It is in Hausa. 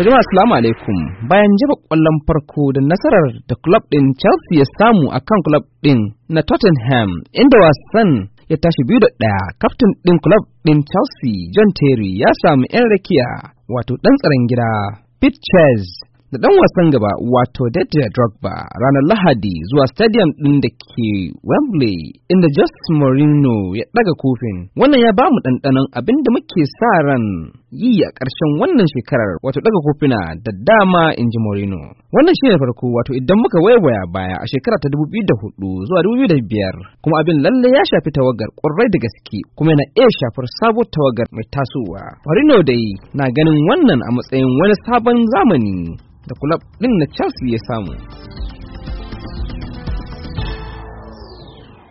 To jama'a assalamu alaikum. Bayan jefa kwallon farko da nasarar da club din Chelsea ya samu a kan club din na Tottenham inda wasan ya tashi biyu da ɗaya kaftin din club din Chelsea John Terry ya samu 'yan rakiya wato ɗan tsaron gida Pete da ɗan wasan gaba wato Didier Drogba ranar Lahadi zuwa stadium ɗin da ke Wembley inda Jose Mourinho ya ɗaga kofin wannan ya bamu ɗanɗanon abin da muke sa ran yi a ƙarshen wannan shekarar wato daga kofina da dama in ji Morino Wannan shi ne farko wato idan muka waiwaya baya a shekara ta 2004 zuwa 2005 kuma abin lalle ya shafi tawagar ƙwarai da gaske kuma yana iya shafar sabon tawagar mai tasowa. Morino dai na ganin wannan a matsayin wani sabon zamani da kulab ɗin na Chelsea ya samu.